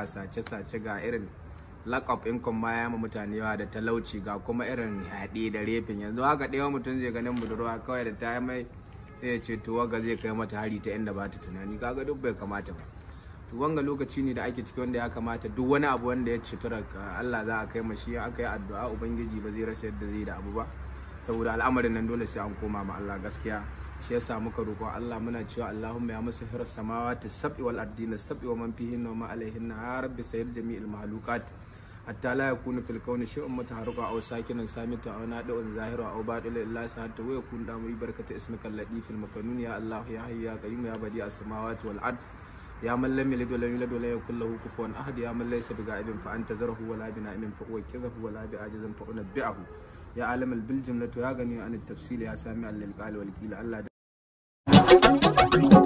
ga sace-sace ga irin lack of income ma ya mutane yawa da talauci ga kuma irin yaɗi da refin yanzu haka ɗaya mutum zai ganin budurwa kawai da ta yi mai zai ce tuwaga zai kai mata hari ta inda ba ta tunani kaga duk bai kamata ba To wanga lokaci ne da ake ciki wanda ya kamata duk wani abu wanda ya cutura Allah za a kai mashi aka yi addu'a ubangiji ba zai rasa yadda zai da abu ba saboda al'amarin nan dole sai an koma ma Allah gaskiya shi yasa muka roƙo Allah muna cewa Allahumma ya musu hirar ta sab'i wal ardina sab'i wa man fihin wa ma alaihin ya rabbi sayyid jami'il mahlukat hatta la yakunu fil kauni shay'un mutaharriqa aw sakinan samitun aw nadi'un zahira aw batil illa sa'atu wa yakun damri barakata ismika al-latifil makanun ya Allah ya hayyu ya qayyum ya badi as-samawati wal ard ya man lam yalid wa yulad wa yakul lahu kufuwan ahad ya man laysa ga'ibin fa anta zarahu wa la na'imin fa huwa kizahu wa la ajizin fa unabbi'ahu يا عالم البلجم لا تراغني عن التفصيل يا سامع wal qila Allah Thank you.